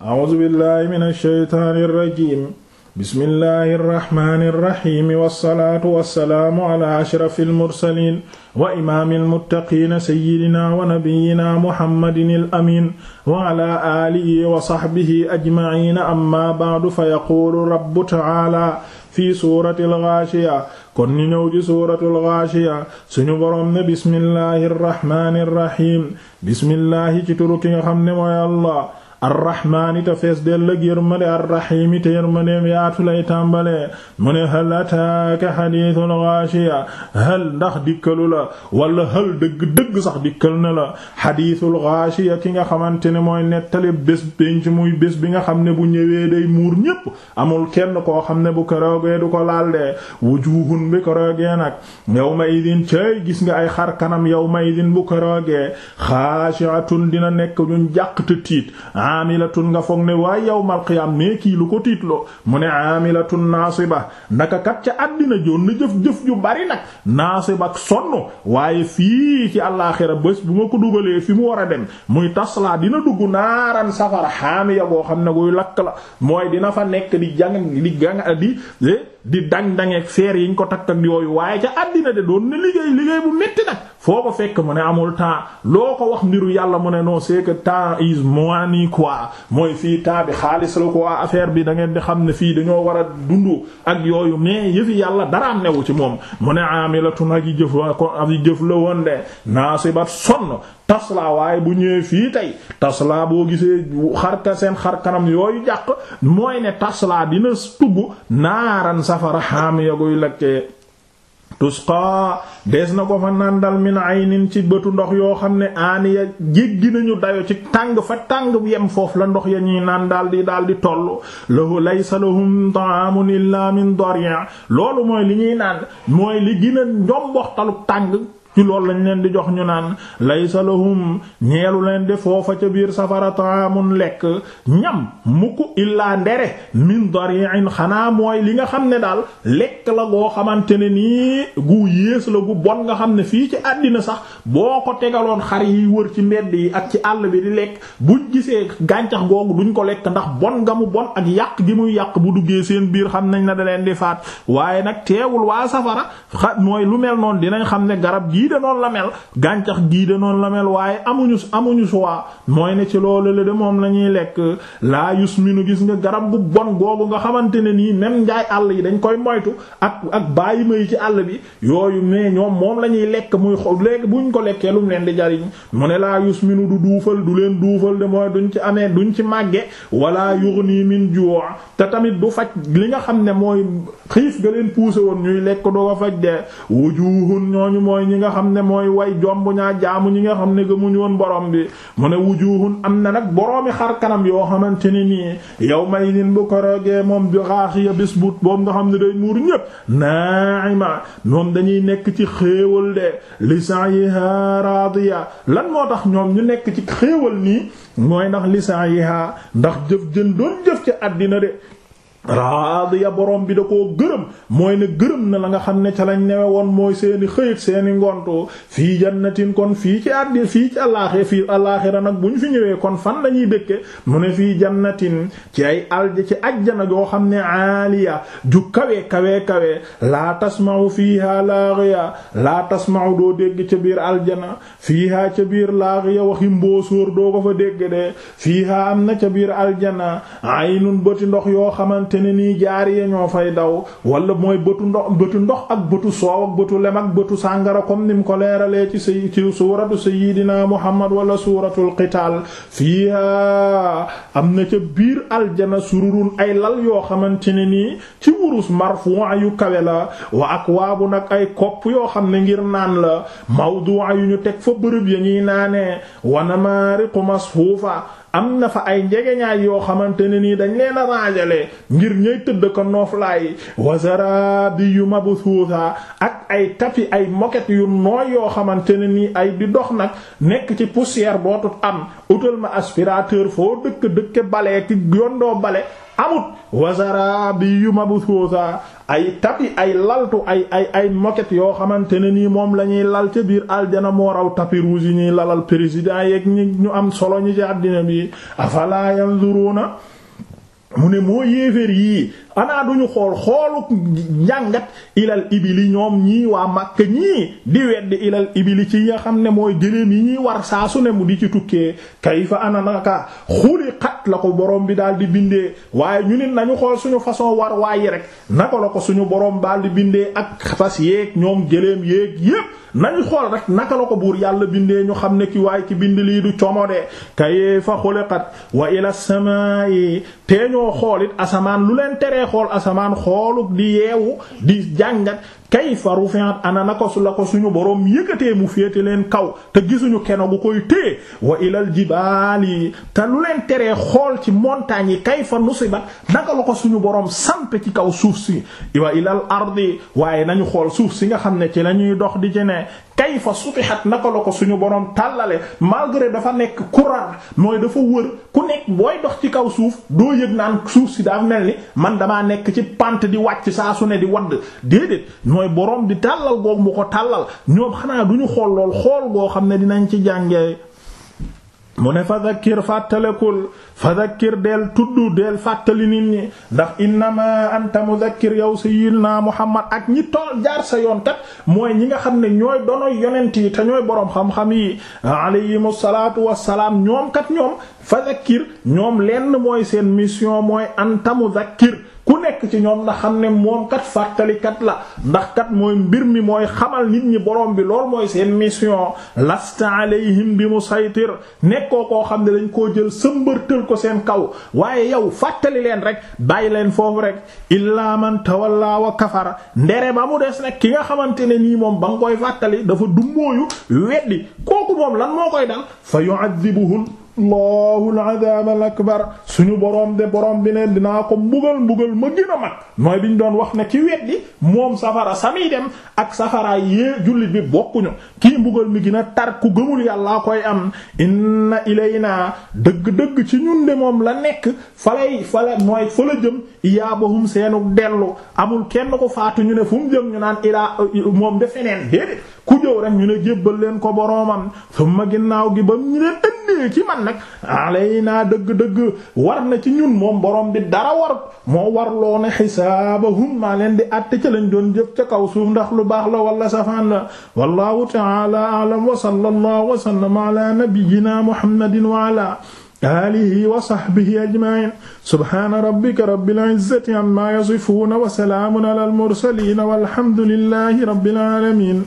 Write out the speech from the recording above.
a'uuzu billaahi mina shaytaani rajiim bismillaahi rahmaani rahiim wassalaatu wassalaamu alaa ashrafil mursaliin wa imaamil muttaqiina sayyidinaa wa nabiyyinaa muhammadinil amiin wa alaa aalihi wa sahbihi ajmaciina ammaa ba'du fa yaquulu rabbu ta'aalaa fi suuratil ghaashiya kon ñu ñëw ci suuratul ghaashiya suñu boroom ne bismillaahi rahmaani rahiim bismillaahi ci turu ki nga xam ne mooy Allah arrahmaani te fees dell ak yërmande arrahiimi te yërmandeem yaatu lay tàmbalee mu ne hal ataaka xadiisul gaashiya hal ndax dikkalu la wala hal dëgg-dëgg sax dikkal na la xadiisul gaashiya ki nga xamante ne mooy nettali bés pénc muy bés bi nga xam ne bu ñëwee day muur ñépp amul kenn koo xam ne bu keroogee du ko laal de wujuhun bi keroogee nag yawma idin cay gis nga ay xar kanam yawma idin bu keroogee xaashi'atun dina nekk ñun jàq tiit aamilatun nga foog ne waaye yawmal qiyaam nee kii lu ko tiitloo mu ne aamilatun naasiba ndaka kat ca àddina joon na jëf-jëf ju bari nag naasiba ak sonn waaye fii ci àllaaxira bés bu ma ko dugalee fi mu war a dem muy taslaa dina dugg naaran safara haamiya boo xam ne guy lakk la mooy dina fa nekk di jang di jang di eh, di dang-dangeeg feer yiñ ko takk ak yooyu waaye ca àddina de doon na liggéey liggéey bu métti nag foo ko fekk mu ne amul temps loo ko wax mbiru yàlla mu ne non c'est que temps is money mooy fii temps bi xaalis la quoi affaire bi dangeen di xam ne fii dañoo war a dund ak yooyu mais yëfi yàlla dara am newu ci moom mu ne amilatun ak yi jëf ak yi jëf la woon de naasibat sonn tasla waaye bu ñëwee fii tey taslaa boo gisee xarka seen xarkanam yooyu jàq mooy ne tasla dina tugg naaran safara haamiya guy lakkee tusqa des na ko fa nandal min aynin ci bëtu ndox yoo xam ne aaniya jéggi nañu dayo ci tàng fa tàng yem foofu la ndox ya ñuy naan daal di daal di toll lahu laysa lahum ta'amun illa loolu mooy li ñuy naan mooy li gën a tàng ci loolu lañ leen di jox ñu naan laysa lahum ñeelu leen di foofa ca biir safara taamun lekk ñam mukk illaa ndere min dari'in xanaa mooy li nga xam ne daal lekk la goo xamante ne nii gu yées la gu bon nga xam ne fii ci àddina sax boo ko tegaloon xar yi wër ci mbedd yi ak ci àll bi di lekk buñ gisee gàncax googu duñ ko lekk ndax bon nga mu bon ak yàq gi muy yàq bu duggee seen biir xam nañ na da leen di faat waaye nag teewul waa safara mooy lu mel dinañ xam ne garab gi gii de noonu la mel gàncax gii de noonu la mel waaye amuñu amuñu choix mooy ne ci loolu la de moom la ñuy lekk laa nu gis nga garab bu bon googu nga xamante ne nii même njaay àll yi dañ koy moytu ak ak bàyyi ma yi ci àll bi yooyu mais ñoom moom lañuy lekk muy xool léegi buñ ko lekkee lu mu leen di jariñ mu ne laa yusminu du duufal du leen duufal de mooy duñ ci amee duñ ci màgge wala yughni min ju' te tamit du faj li nga xam ne mooy xiif woon ñuy lekk doo ko nga xam ne mooy way jomb ñaa jaamu ñi nga xam ne gëmuñu woon borom bi mu ne wujuhun am na nag boroomi xar kanam yoo xamante ne nii yawma idin bu korogee moom bi xaaxiya bés bu boobu nga xam ne day muur ñépp naima moom dañuy nekk ci xéewal de li sa'iha radiya lan moo tax ñoom ñu nekk ci xéewal nii mooy ndax li sa'iha ndax jëf jën doon jëf ci àddina de raadiya borom bi da koo gërëm mooy ne gërëm na la nga xam ne ca lañ newe woon mooy seeni xëyit seeni ngonto fii jannatin kon fii ci àddi fii ci àllaaxe fii àllaaxira nag bu ñu fi ñëwee kon fan lañuy dëkke mu ne fii jannatin ci ay alja ci ajjana yoo xam ne aaliya ju kawe kawe kawe laa tasma'u fiiha laaxiya laa tasma'u doo dégg ca biir aljana fiiha ca biir laaxiya waxi mboosóor doo ko fa dégg de fiiha am na ca biir aljana aynun bati ndox yoo xamante xamante ne nii jaariya ñoo fay daw wala mooy bëtu ndox ak bëtu soow bëtu lem bëtu sàngara comme nim mu ko leeralee ci sa ci suuratu sayyidina Muhammad wala suuratul fii fiiha am na ca biir aljana sururun ay lal yoo xamante ne nii ci wurus marfu'a yu kawe la wa akwaabu nag ay kopp yoo xam ne ngir naan la mawdu'a yu ñu teg fa bërëb ya ñuy naanee wa namaariqu masfuufa am na fa ay njegeñaay yoo xamante ne nii dañ leen a rangale ngir ñay tëdd ko nooflaay wasara bi yu mabsuusa ak ay tapi ay moquette yu nooy yoo xamante ne nii ay di dox nag nekk ci poussière bootut am utal ma aspirateur foo dëkk dëkke bale ti yondoo bale amut wasara bi yu mabsuusa ay tapi ay laltu ay ay ay yoo xamante ne nii moom lañuy ñuy lal ca biir aljana moo raw tapis rouge yi ñuy lalal président yeeg ñi ñu am solo ñu ci àddina bi afala yanzuruna mu ne moo yéeféer yii anaa duñu xool xooluk njàngat ilal ibili ñoom ñii waa Makka ñii di weddi ilal ibili ci nga xam ne mooy jëléem yi ñuy war saa su ne mu di ci tukkee kayfa ana naka xuliqat la ko borom bi daal di bindee waaye ñu nit nañu xool suñu façon war waayi rek naka la ko suñu borom daal di bindee ak fas yeeg ñoom jëléem yeeg yépp nañu xool rek naka la ko buur yàlla bindee ñu xam ne ki waaye ki bind lii du comodee kayfa wa ila samaa'i te ñoo xoolit asamaan lu leen tere ngay xool asamaan xooluk di yeewu di jàngat kayfa rufi'at ana na ko su la ko suñu boroom yëkkatee mu féete leen kaw te gisuñu keno bu koy téye wa ilal jibaal yi te lu leen teree xool ci montagnes yi kayfa nusibat naka la ko suñu boroom sampe ci kaw suuf si wa ilal ardi waaye nañu xool suuf si nga xam ne ci lañuy dox di ci ne kayfa sutihat naka la ko suñu boroom tàllale malgré dafa nekk kurar mooy dafa wër ku nekk booy dox ci kaw suuf doo yëg naan suuf si daa mel ni man damaa nekk ci pente di wàcc saa su di wadd mooy borom di tàllal googu mu ko tàllal ñoom xanaa duñu xool lool xool goo xam ne dinañ ci jàngee mu ne fa dhakkir fàttalekul fa dhakkir del tudd del fàttali nit ñi ndax innama anta mudhakkir yow sayyidina muhammad ak ñi tool jaar sa yoon kat mooy ñi nga xam ne ñooy donoy yonent yi te ñooy boroom xam-xam yi alayhimu salaatu wassalaam ñoom kat ñoom fa dhakkir ñoom lenn mooy seen mission mooy anta mudhakkir ku nekk ci ñoom na xam ne moom kat fàttalikat la ndax kat mooy mbir mi mooy xamal nit ñi borom bi lool mooy seen mission lasta alayhim bi mu musaytir nekkoo koo xam ne lañ koo jël sëmbërtël ko seen kaw waaye yow fàttali leen rek bàyyi leen foofu rek illaa man tawalla wa kafara ndere ba mu des nag ki nga xamante ne nii moom ba nga koy fàttali dafa dummóoyu weddi kooku moom lan moo koy dal fa yu'adhibuhu allahu al-azaab al-akbar suñu borom de borom bi ne dinaa ko mbugal mbugal ma gën a mag mooy biñ doon wax ne ki weddi moom safara sami dem ak safara yee jullit bi bokkuñu kii mbugal mi gën a tar ku gëmul yàllaa koy am inna ilayna dëgg-dëgg ci ñun de moom la nekk falay fala mooy fala jëm iyaabahum seenu dellu amul kenn ko faatu ñu ne fu mu jëm ñu naan ilaa moom de feneen déedéet ku jëw rek ñu ne jébbal leen ko boroomam summa ginnaaw gi ba ñu leen ñëwee ci man nag alay naa dëgg-dëgg war na ci ñun moom borom bi dara war moo war loo ne xisaabahum maa leen di àtte ca lañ doon jëf ca kaw suuf ndax lu baax la wala safaan la wallahu ta'ala a'lam wa sallallahu wa sallama ala nabiyyina muhammadin wa ala alihi wa sahbihi ajma'in subhana rabbika rabbil izzati amma yasifun wa salamun ala al mursalin walhamdulillahi rabbil alamin